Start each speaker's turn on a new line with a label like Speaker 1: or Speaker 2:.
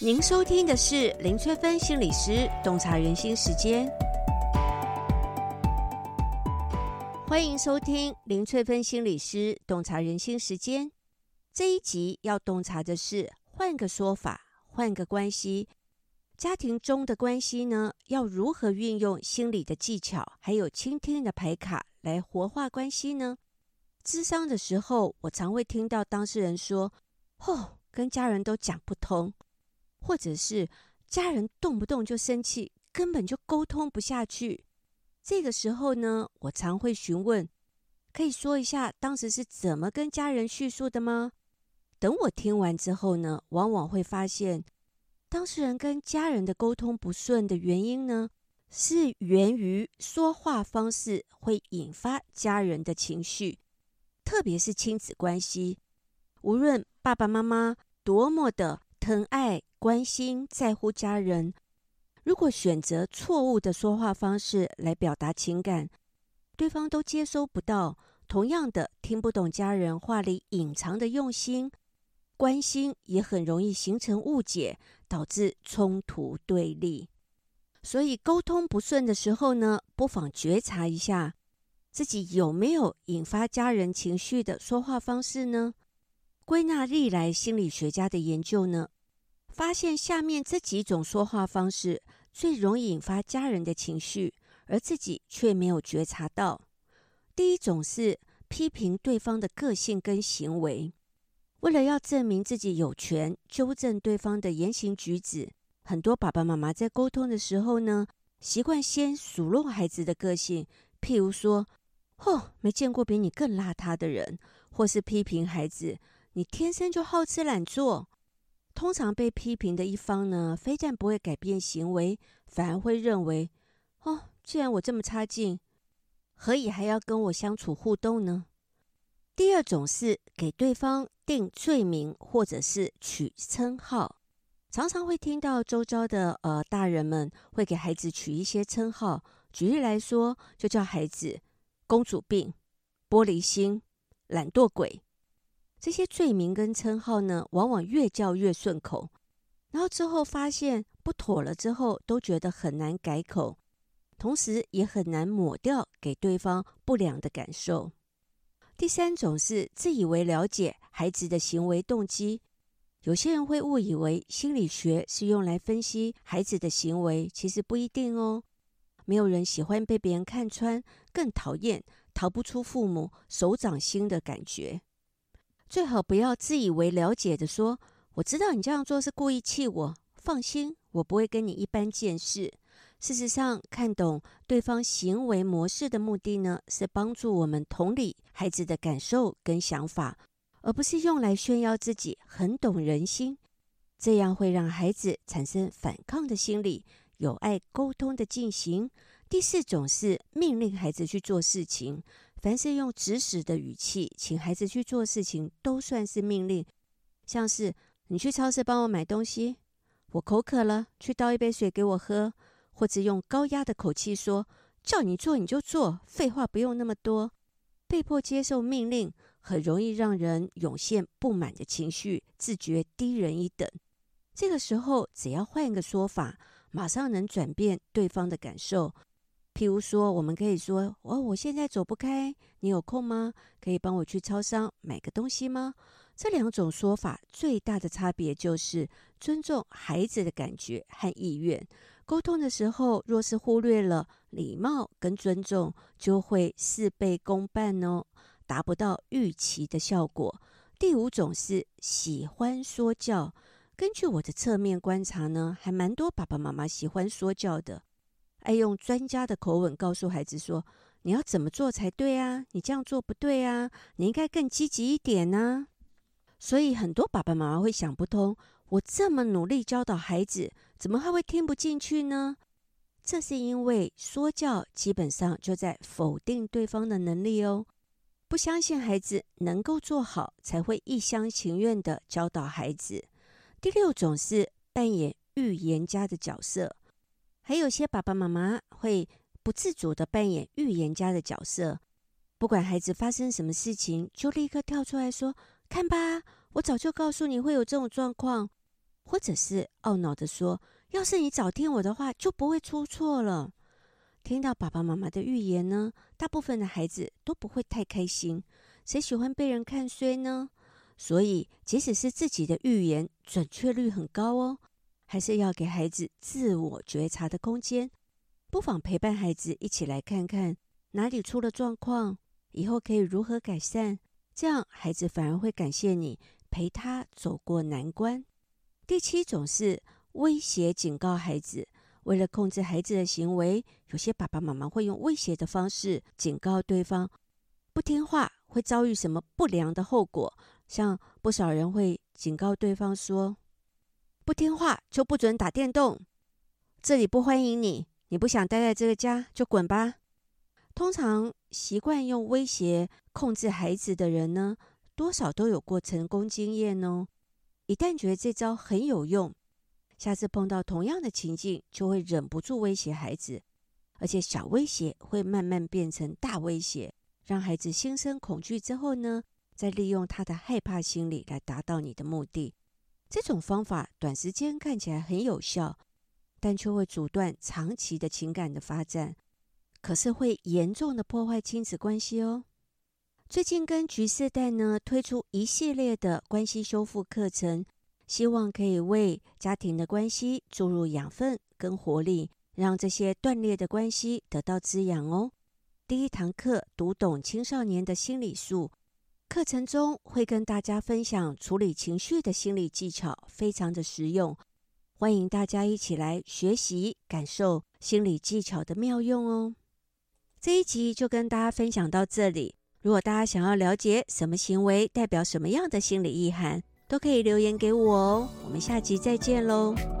Speaker 1: 您收聽的是林萃芬心理師《洞察人心》時間，歡迎收聽林萃芬心理師《洞察人心》時間。這一集要洞察的是，換個說法，換個關係，家庭中的關係呢，要如何運用心理的技巧，還有傾聽的牌卡來活化關係呢？諮商的時候，我常會聽到當事人說：“哦，跟家人都講不通。”或者是家人動不動就生氣，根本就溝通不下去。這個時候呢，我常會詢問：“可以說一下當時是怎麼跟家人敘述的嗎？”等我聽完之後呢，往往會發現，當事人跟家人的溝通不順的原因呢，是源於說話方式會引發家人的情緒，特別是親子關係，無論爸爸媽媽多麼的疼愛。關心、在乎家人，如果選擇錯誤的說話方式來表達情感，對方都接收不到；同樣的，聽不懂家人話裡隱藏的用心，關心也很容易形成誤解，導致衝突對立。所以，溝通不順的時候呢，不妨覺察一下自己有沒有引發家人情緒的說話方式呢？歸納歷來心理學家的研究呢，發現下面這幾種說話方式最容易引發家人的情緒，而自己卻沒有覺察到。第一種是批評對方的個性跟行為，為了要證明自己有權糾正對方的言行舉止，很多爸爸媽媽在溝通的時候呢，習慣先數落孩子的個性，譬如說，吼，沒見過比你更邋遢的人，或是批評孩子，你天生就好吃懶做。通常被批評的一方呢，非但不會改變行為，反而會認為，哦，既然我這麼差勁，何以還要跟我相處互動呢？第二種是給對方定罪名或者是取稱號，常常會聽到周遭的呃大人們會給孩子取一些稱號。舉例來說，就叫孩子“公主病”、“玻璃心”、“懶惰鬼”。這些罪名跟稱號呢，往往越叫越順口，然後之後發現不妥了之後，都覺得很難改口，同時也很難抹掉給對方不良的感受。第三種是自以為了解孩子的行為動機，有些人會誤以為心理學是用來分析孩子的行為，其實不一定哦。沒有人喜歡被別人看穿，更討厭逃不出父母手掌心的感覺。最好不要自以為了解的說，我知道你這樣做是故意氣我。放心，我不會跟你一般見識。事實上，看懂對方行為模式的目的呢，是幫助我們同理孩子的感受跟想法，而不是用來炫耀自己很懂人心。這樣會讓孩子產生反抗的心理，阻礙溝通的進行。第四種是命令孩子去做事情，凡是用指使的語氣請孩子去做事情，都算是命令。像是你去超市幫我買東西，我口渴了，去倒一杯水給我喝，或者用高壓的口氣說：“叫你做你就做，廢話不用那麼多。”被迫接受命令，很容易讓人湧現不滿的情緒，自覺低人一等。這個時候，只要換一個說法，馬上能轉變對方的感受。譬如說，我們可以說：“哦，我現在走不開，你有空嗎？可以幫我去超商買個東西嗎？”這兩種說法最大的差別就是尊重孩子的感覺和意願。溝通的時候，若是忽略了禮貌跟尊重，就會事倍功半哦，達不到預期的效果。第五種是喜歡說教。根據我的側面觀察呢，還蠻多爸爸媽媽喜歡說教的。愛用專家的口吻告訴孩子說：“你要怎麼做才對啊？你這樣做不對啊！你應該更積極一點啊。”所以很多爸爸媽媽會想不通，我這麼努力教導孩子，怎麼還會聽不進去呢？這是因為說教基本上就在否定對方的能力哦，不相信孩子能夠做好，才會一廂情願地教導孩子。第六種是扮演預言家的角色。還有些爸爸媽媽會不自主的扮演預言家的角色，不管孩子發生什麼事情，就立刻跳出來說：“看吧，我早就告訴你會有這種狀況。”或者是懊惱的說：“要是你早聽我的話，就不會出錯了。”聽到爸爸媽媽的預言呢，大部分的孩子都不會太開心。誰喜歡被人看衰呢？所以，即使是自己的預言，準確率很高哦。還是要給孩子自我覺察的空間，不妨陪伴孩子一起來看看哪裡出了狀況，以後可以如何改善。這樣孩子反而會感謝你陪他走過難關。第七種是威脅警告孩子，為了控制孩子的行為，有些爸爸媽媽會用威脅的方式警告對方，不聽話會遭遇什麼不良的後果。像不少人會警告對方說，不聽話就不准打電動，這裡不歡迎你。你不想待在這個家，就滾吧。通常習慣用威脅控制孩子的人呢，多少都有過成功經驗哦。一旦覺得這招很有用，下次碰到同樣的情境，就會忍不住威脅孩子。而且小威脅會慢慢變成大威脅，讓孩子心生恐懼之後呢，再利用他的害怕心理來達到你的目的。這種方法短時間看起來很有效，但卻會阻斷長期的情感的發展，可是會嚴重的破壞親子關係哦。最近跟橘世代呢推出一系列的關係修復課程，希望可以為家庭的關係注入養分跟活力，讓這些斷裂的關係得到滋養哦。第一堂課：讀懂青少年的心理術。課程中會跟大家分享處理情緒的心理技巧，非常的實用，歡迎大家一起來學習，感受心理技巧的妙用哦。這一集就跟大家分享到這裡，如果大家想要了解什麼行為代表什麼樣的心理意涵，都可以留言給我哦。我們下集再見嘍。